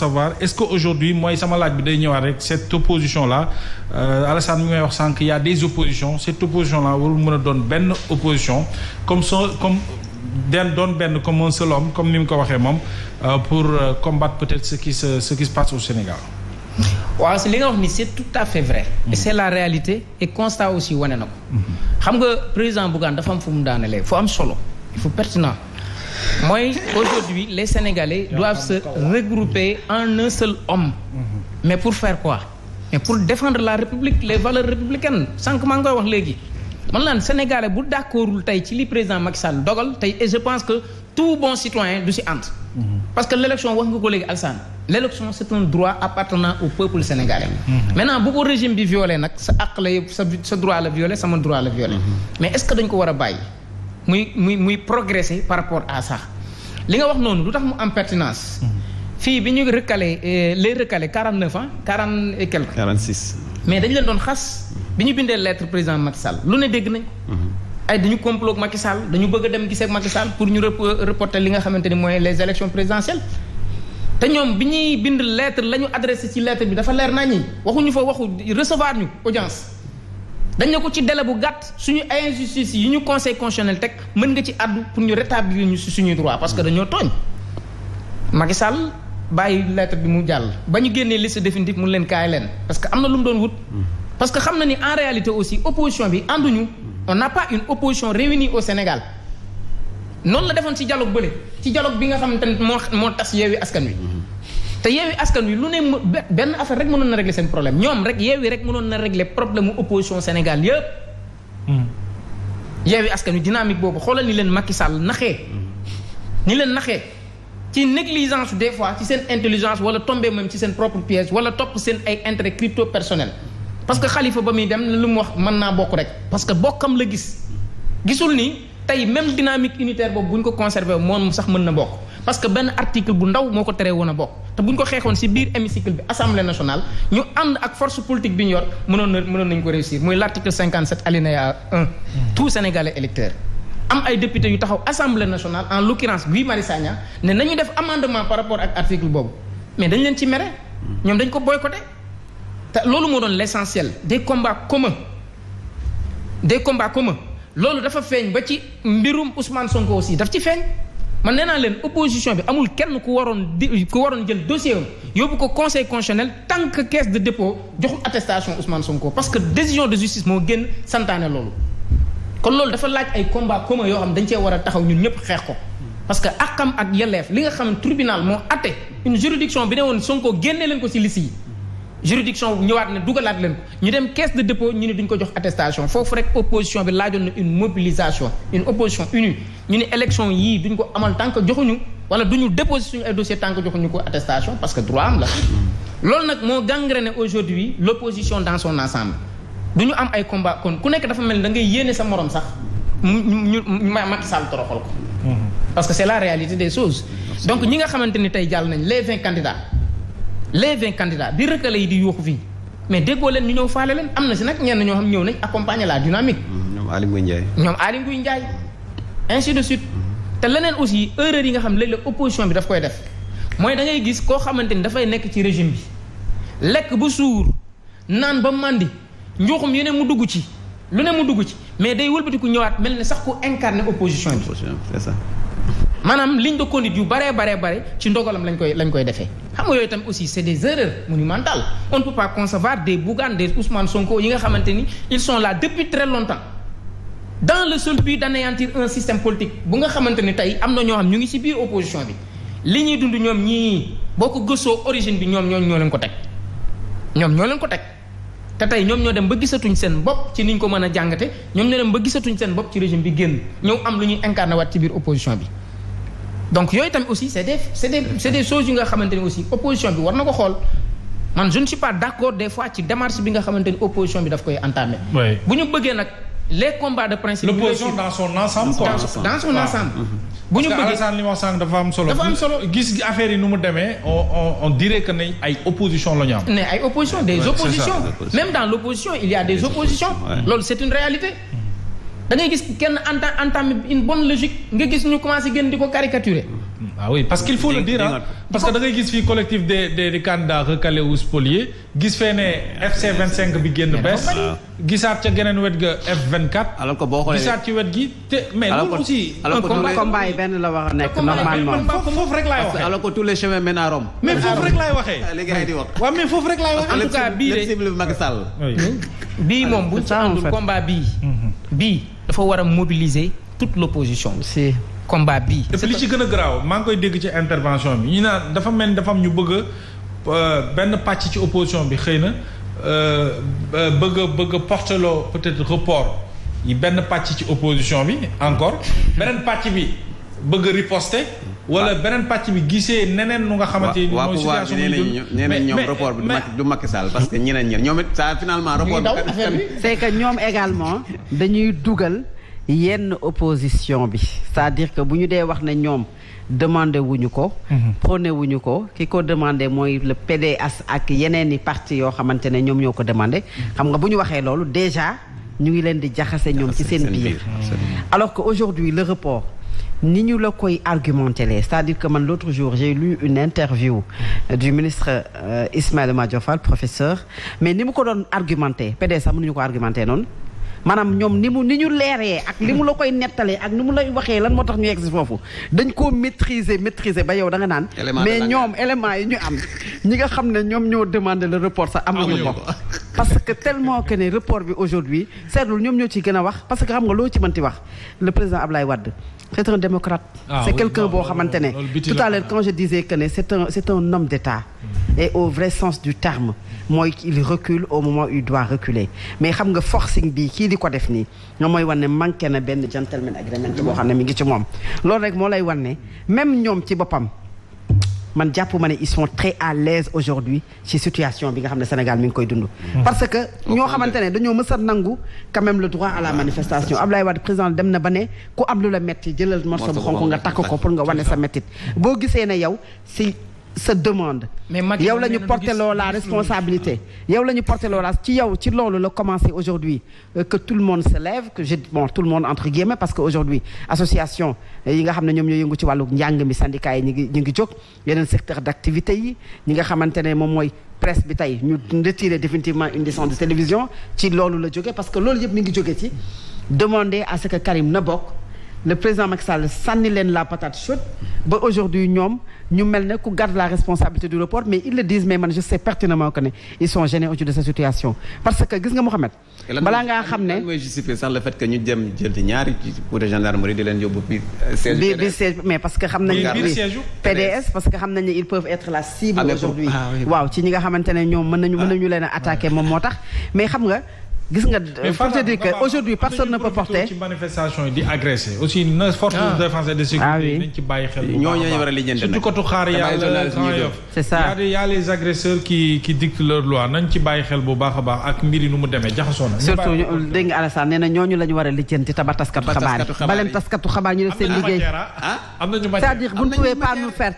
savoir est-ce que aujourd'hui mooy sama laaj bi day ñëwaat rek cette opposition là euh, Alassane mi ngay wax sànq y a des oppositions cette opposition là warul mën a doon benn opposition comme son comme den doon benn comme un comme ni mu ko waxee moom euh, pour euh, combattre peut-être ce qui se ce qui passe au Sénégal li nga wax ni c'est tout à fait vrai mhm. c'est la réalité et constat aussi wane na ko mhm. xam nga président Bougane dafa am fu mu daanelee fu am solo fu pertinent mooy aujourd'hui les Sénégalais doivent se regrouper en un seul homme mais pour faire quoi mais pour défendre la République les valeurs républicaines sànq maa nga wax léegi man laan Sénégalais bu d'accordul tey ci li président Macky Sall dogal tey et je pense que tout bon citoyen du si ànd parce que l'élection wax nga ko léegi Alsaan l'élection c'est un droit appartenant au peuple sénégalais maintenant bu ko régime bi violé nag sa àq la sa sa droit la violé sama droit ko war a bàyyi muy muy muy progresser par rapport à sax li nga wax noonu lu tax mu am pertinence. Mm-hmm. fii bi ñu recalé euh, les recalé quarante neuf ans ah, quarante et quelque. quarante six. mais dañu leen doon xas bi ñu bindee lettre président Macky Sall lu ne dégg nañ ko. Mm-hmm. ay dañu complot ak dañu bëgg a dem gise ak Macky pour ñu reporter li nga xamante ni mooy les élections présidentielles. te ñoom bi ñuy bind lettre la ñu adressé ci lettre bi dafa leer naa ñi waxuñu fa waxu recevoir ñu audience. dañu ne ko ci délai bu gàtt suñu injustice yi ñu conseil constitutionnel teg mën nga ci àddu pour ñu rétablir ñu si suñuy droit parce que dañoo tooñ Macky Sall bàyyi lettre bi mu jàll ba ñu génnee liste définitive mu leen kaay leen parce que am na lu mu doon wut parce que xam na ni en réalité aussi opposition bi ànduñu on n'a pas une opposition réunie au Sénégal noonu la defoon ci dialogue bële ci dialogue bi nga xamante ne moo moo tas yeewi askan wi te yeewi askan wi lu ne benn affaire rek mënoon na régler seen problème ñoom rek yeewi rek mënoon na régler problème mu opposition Sénégal yëpp. Hmm. yeewi askan wi dynamique boobu xoolal ni leen Macky sàll naxee. ni leen naxee ci négligence des fois ci seen intelligence wala tomber même ci seen propre piège wala topp seen ay intérêt crypto personnel. parce que xalifa ba muy dem lu mu wax mën naa bokk rek parce que bokkam la gis gisul nii tey même dynamique unitaire boobu bu ko conservé moom sax mën na bokk. parce que benn article bu ndaw moo ko teree woon a bokk te bu ñu ko xeexoon ci biir hémicycle bi assemblée nationale ñu ànd ak force politique bi ñu yor mënoon na mënoon nañu ko réussir muy l' article 57 alinéa 1 tout sénégalais électeur am ay député yu taxaw assemblée nationale en l'occurrence Guy Marius Sagna ne nañu def amendement par rapport ak article boobu mais dañ leen ci mere ñoom dañ ko ko de te loolu moo doon l' essentiel des combats communs des combats loolu dafa feeñ ba ci mbirum Ousmane Sonko aussi daf ci feeñ man nee naa leen opposition bi amul kenn ku waroon di ku waroon jël dossier am yóbbu ko conseil constitutionnel tant que caisse de dépôt joxul attestation Ousmane Sonko parce que décision de justice moo génn santaane loolu. kon loolu dafa laaj ay combat commun yoo xam dañ cee war a taxaw ñun ñëpp xeex ko parce que àqam ak yelleef li nga xam tribunal moo atte une juridiction bi ne woon Sonko génnee leen ko ci liste yi. juridiction ñëwaat na dugalaat leen ñu dem caisse de dépôt ñu ne duñ ko jox attestation foofu rek opposition bi laajoon na une mobilisation une opposition unie ñu ne élection yii duñ ko amal tant que joxuñu wala duñu déposé suñu ay dossier tant joxuñu ko attestation parce que droit am la loolu nag moo gangréné aujourd'hui l'opposition dans son ensemble du ñu am ay combat kon ku nekk dafa mel ni da ngay yéene sa morom sax mu ñu Macky Sall toroxal ko mm-hmm. parce que c'est la réalité des choses donc ñi nga xamante ni tey jàll nañ les vingt candidats les vingt candidats bi rëkkale yi di yuuxu fii mais déggoo leen ñu ñëw faale leen am na si nag ñenn ñoo xam ñëw nañ accompagner la dynamique. Mm-hmm. ñoom Aly Ngouille Ndiaye. ñoom Aly Ngouille Ndiaye de suite. Mm-hmm. te leneen aussi erreur yi nga xam léeg-léeg opposition bi daf koy def mooy da ngay gis koo xamante ni dafay nekk ci régime bi lekk bu suur naan ba màndi njuuxum yeneen mu dugg ci lu ne mu dugg ci mais day ku ñëwaat mel ne sax ku incarné opposition bi. c'est ça. maanaam ligne de conduite yu baree baree bare ci ndogalam lañ koy lañ koy defee xam nga yooyu tam aussi c'est des erreurs monumentales on ne peut pas concevoir des nga xamante ni ils sont là depuis très longtemps dans le seul but d'anéantir un système politique bu nga xamante ni tey am na ñoo xam ñu ngi ci biir opposition bi li ñuy dund ñoom ñii boo ko gëstoo origine bi ñoom ñoo ñoo leen ko teg ñoom ñoo leen ko teg te tey ñoom ñoo dem ba gisatuñ seen bopp ci niñ ko mën a jàngate ñoom ñoo dem ba gisatuñ seen bopp ci régime bi génn ñëw am lu ñuy incarné ci biir opposition bi donc yooyu tamit aussi c'est des c'est des c'est des choses yu nga xamante ne aussi opposition bi war na ko xool man je ne suis pas d'accord des fois ci démarche bi nga xamante opposition bi daf koy entamer. bu ñu bëggee nag les combats de principe. l'opposition dans son dans son ensemble. Mhm. bu ñu bëggee dafa am solo. dafa am solo gis affaire yi nu mu demee on on on dirait ay opposition la ñu am. ne ay opposition a loolu c'est une réalité. da gis kenn entame entame une bonne logique nga gis ñu commencé gën di ko caricaturer. ah oui parce qu'il faut le dire parce que da ngay gis fii collectif des des des candidats recalés ou gis fee ne FC 25 bi génn bees. gisaat ca geneen wet ga F24. alors que boo xoolee gisaat ci wet gi te mais. loolu aussi combat yi benn la wax a nekk normalement. foofu rek laay waxee alors que tous les chemins mènent Rome. mais foofu rek laay waxee. bii moom bu ñu ci àndul combat bii. bii. dafa war a mobiliser toute l'opposition si combat bii et puis li ci gën a garaaw maa ngi koy dégg ci intervention bi ñu naan dafa mel ni am ñu bëgg a euh, benn pàcc ci opposition bi xëy na euh, euh, bëgg a bëgg a porteloo peut-être report yi benn pàcc ci opposition bi encore beneen pàcc bi bëgg a riposter. wala beneen pàcc bi gisee neneen lu nga xamante ni mooy situation ñu nee nañ ñoom report bi du Macky Sall parce que ñeneen ñi ñoom it ça finalement bi c'est ñoom également dañuy dugal yenn opposition bi c'est-à-dire que bu ñu dee wax ne ñoom demandé wuñu ko mhm. prôné ko ki ko demandé mooy le PDS ak yeneen i parti yoo xamante ne ñoom ñoo ko demandé mhm. xam nga bu ñu waxee loolu déjà ñu ngi leen di jaxase ñoom ci seen biir alors que aujourd'hui le report ni ñu la koy argumenté lee cest à que man l'autre jour j'ai lu une interview du ministre euh, Ismaïla Madior Fall professeur mais ni mu ko doon argumenté PDS sax mënuñu ko argumenté noonu maanaam ñoom ni mu ni ñu leeree ak li mu la koy nettalee ak ni mu lay waxee lan moo tax ñu yegg foofu dañ koo maîtriser maîtriser ba yow da nga naan mais ñoom élément yi ñu am ñi nga xam ne ñoom ñoo demander la report sax am nañu ko parce que tellement que ne report bi aujourd'hui seetlul ñoom ñoo ciy gën wax parce que xam nga loo ci mënti wax le président Ablaye Wade c'est un démocrate ah c'est quelqu'un boo xamante ne tout à l'heure quand je disais que ne c'est un c'est un homme d'État mm. et au vrai sens du terme mooy il recule au moment où il doit reculer mais xam nga forcing bi kii di ko def nii nga mooy wane manqué na benn gentleman agreement boo xam ne mu ngi ci moom loolu rek moo lay wane même ñoom ci boppam man jàpp ma ne ils sont très à l'aise aujourd'hui ci situation bi nga xam ne Sénégal mi ngi koy dund. parce que ñoo xamante ne dañoo mës a nangu quand même le droit à la manifestation Abdoulaye Wade président dem na ba ne ku am lu la metti jëlal morso bu xonk nga takk ko pour nga wane sa mettit boo gisee ne yow si. sa demande. mais yow la ñu porté loo la responsabilité. yow la ñu porté loo la ci yow ci loolu la commencé aujourd'hui euh, que tout le monde se lève que je bon tout le monde entre guillemets parce que aujourd'hui association euh, yi nga xam ne ñoom ñoo ngu ci wàllu njàng mi syndicat yi ñu ngi ñu ngi jóg yeneen secteur d'activité yi nga xamante ne moom mooy. presse bi tey ñu retirer définitivement une licence de télévision ci loolu la jóge parce que loolu yëpp mi ngi jóge ci demander à ce que na bokk le président Macky Sall sànni leen la patate chaude ba aujourd'hui ñoom ñu mel ne ku garde la responsabilité du report mais ils le disent mais man je sais pertinemment que ne ils sont gênés autour de cette situation parce que gis nga Mouhamed balaa ngaa xam ne euh, parce que xam nañ PDS parce que xam nañ ne ils peuvent être la cible ah, aujourd'hui ah, waaw ci ñi nga xamante ne ñoom mën nañu mën ah. nañu leen a attaquer moom moo tax mais xam nga gis nga cest euh, à que aujourd'hui personne ne peut porter di agressé ah. ah a lijjanti nag ci bàyyi xel bu baax a baax ak mbiri nu mu demee jaxasoo surtout dégg nga Alassane ñooñu la ñu war a lijjanti taskatu xabaar baleen taskatu xabaar ñu def seen liggéey ah? am dire vous ne pouvez pas nous faire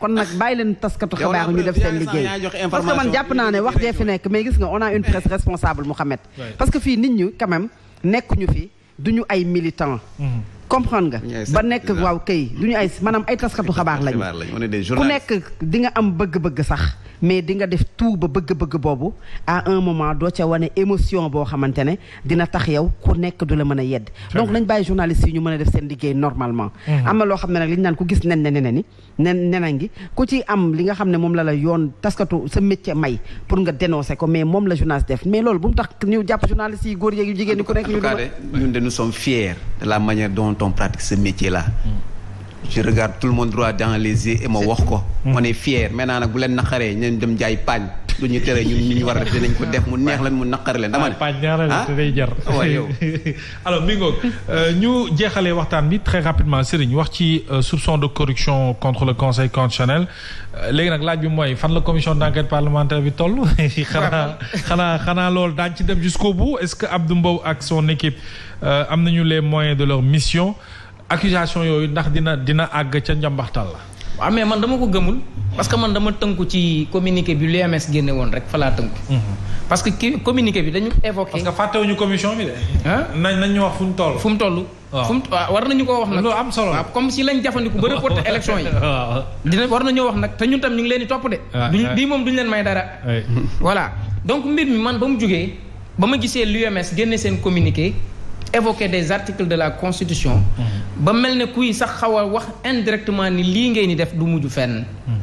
kon nag bàyyi leen taskatu xabaar ñu def seen liggéey parce que man jàpp naa ne wax fi nekk mais gis nga on une presse responsable Mouhamed parce que fii nit ñu quand nekkuñu fi du ñu ay militant hmm. comprendre nga ba nekk waaw kay du ñu ay maanaam ay taskatu xabaar lañu ku nekk dinga am bëgg-bëgg sax mais di nga def tout ba bëgg-bëgg boobu à un moment doo ca wane émotion boo xamante ne dina tax yow ku nekk du la mën a yedd donc nañ bàyyi journaliste yi ñu mën a def seen liggéey normalement mmh. am na loo xam ne nag li ñu naan ku gis nen ne ni nen nena ngi ku ci am li nga xam ne moom la la yoon taskatu sa métier may pour nga dénoncer ko mais moom la journaliste def mais loolu bu mu tax ñu jàpp journaliste yi góor yeeg yu jigéen ñi ku nekk ñu ñun de nous sommes fiers la manière dont on pratique ce métier là mmh. je regarde tout le monde droit dans les yeux et ma wax ko. on mm. est fier maintenant nag bu leen naqaree ñu dem jaay paañ. du ñu tere ñun ñu ñu war a def dinañ ko def mu neex leen mu naqar leen. dama ne ah, paañ ñaareel ah? te day jar. Ah, yow alors mi ngoog euh, ñu jeexalee waxtaan bi très rapidement Serigne wax ci euh, soupçon de corruption contre le conseil constitutionnel euh, léegi nag laaj bi mooy fan la commission d' enquête parlementaire bi toll. xanaa xanaa xanaa loolu daañu ci dem jusqu'au bout est ce que Abdou Mbow ak son équipe am nañu les moyens de leur mission. accusation yooyu ndax dina dina àgg ca njambaxtal la. waaw mais man dama ko gëmul parce que man dama tënku ci communiqué bi l'UMS génne woon rek falaa tënku. Mhm. parce que ki communiqué bi dañu évoqué. parce que fàttewuñu commission bi de. nañ wax fu mu toll. fu mu toll. fu war nañu koo wax nag. loolu am solo comme si lañ jafandiku ba reporté élection yi. dina war nañoo wax nag te ñun tam ñu ngi leen di topp de. Ah, ah. bii moom duñ leen may dara. voilà donc mbir mi man ba mu jógee ba ma gisee l'UMS génne seen communiqué. évoquer des articles de la constitution mhm. ba mel ne kuy sax xaw a wax indirectement ni lii ngay di def du mujj fenn mhm.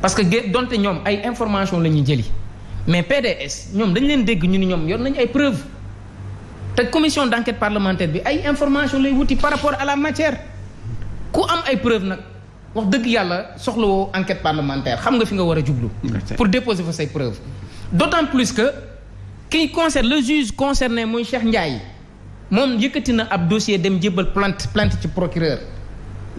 parce que gé donte ñoom ay information la ñuy jëli mais PDS ñoom dañu leen dégg ñu ni ñoom yor nañu ay preuve te commission d'enquête parlementaire bi ay information lay wuti par rapport à la matière ku am ay preuve nag wax dëgg yàlla soxla woo enquête parlementaire xam nga fi nga war a jublu pour déposer fa say preuve d'autant plus que qui concerne le juge concerné muy Cheikh Ndiaye moom yëkkati na ab dossier dem jébbal plainte plainte ci procureur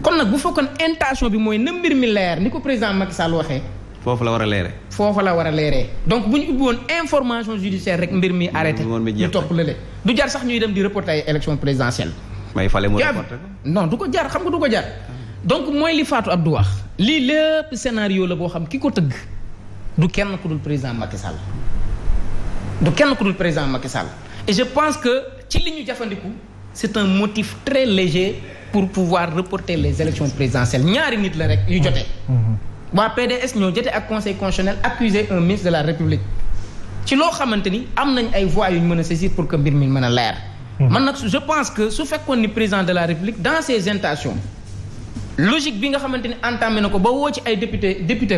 kon nag bu fekkoon intention bi mooy na mbir mi leer ni ko président Macky Sall waxee. foofu la war a leeree. foofu la war a leere donc bu ñu ubbi woon information judiciaire rek mbir mi arrêté. ñu topp lële du jar sax ñuy dem di reporter ay élection présidentielle. may fale mu reporter non du ko jar xam nga du ko jar. donc mooy li Fatou du wax. lii lépp scénario la boo xam ki ko tëgg du kenn ku dul président Macky kenn ku dul président Macky ci li ñu jafandiku c'est un motif très léger pour pouvoir reporter les élections présidentielles ñaari nit la rek yu jotee mhm. waa PDS ñoo jotee ak conseil constitutionnel accuser un ministre de la république ci loo xamante ni am nañ ay voies yu ñu mën a saisir pour que mbir mi mën a leer mhm. man nag je pense que su fekkoon ni président de la république dans ses intentions logique bi nga xamante ni entamé na ko ba woo ci ay député député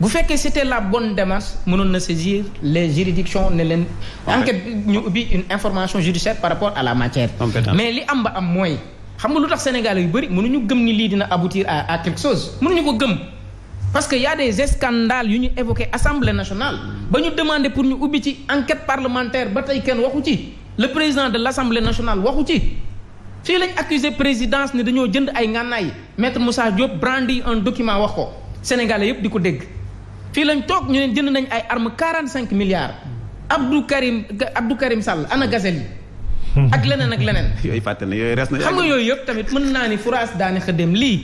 bu fekkee c'était la bonne démarche mënoon na saisir les juridictions ne leen enquête ñu ubbi une information judiciaire par rapport à la matière mais li am ba am mooy xam nga lu tax sénégalais yu bëri mënuñu gëm ni lii dina aboutir à à quelque chose mënuñu ko gëm parce que y a des scandales yu ñu évoqué assemblée nationale ba ñu demandé pour ñu ubbi ci enquête parlementaire ba tey kenn waxu ci le président de l'assemblée nationale waxu ci fii lañ accusé présidence ne dañoo jënd ay ngànnaay maître Moussa Diop brandi un document wax ko sénégalais yëpp di ko dégg fii lañ toog ñu ne jënd nañ ay armes quarante cinq milliards Abdou Karim Abdou Karim Sall ana gazel yi hmm. ak leneen ak leneen. yooyu fàtte na yooyu res na. xam nga yooyu yëpp tamit mën naa ni furaas daane xëddeem lii.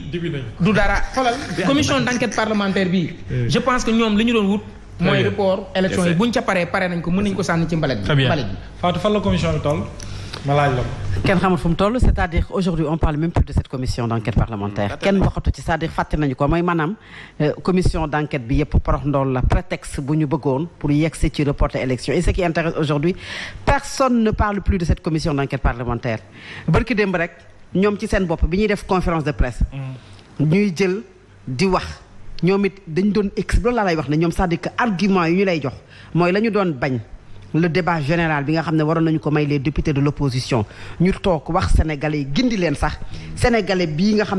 du dara xoolal commission d' enquête parlementaire bii. Eh. je pense que ñoom li ñu doon wut. mooy eh. report élection yi buñ ca paree pare nañ ko mën nañ ko sànni ci mbalet bi. mbalet bi la commission bi ma laaj la ko. kenn xamul fu mu toll c'est-à-dire aujourd'hui on parle même plus de cette commission d'enquête parlementaire. Mm. kenn waxatu ci cest dire fàtte nañu ko mooy maanaam euh, commission d'enquête bi yëpp porox ndool la prétexte bu ñu bëggoon pour yegsi ci reporter élection et ce intéresse aujourd'hui personne ne parle plus de commission d'enquête parlementaire barki démb rek ñoom ci seen bopp bi ñuy def conférence de presse. Mm. ñuy jël di wax. ñoom it dañ doon ex loolu laa lay wax ne ñoom c'est-à-dire que argument lay jox mooy la ñu doon bañ. le débat général bi nga xam ne waroon nañu ko may les députés de l'opposition ñu toog wax sénégalais yi gindi leen sax sénégalais bii nga xam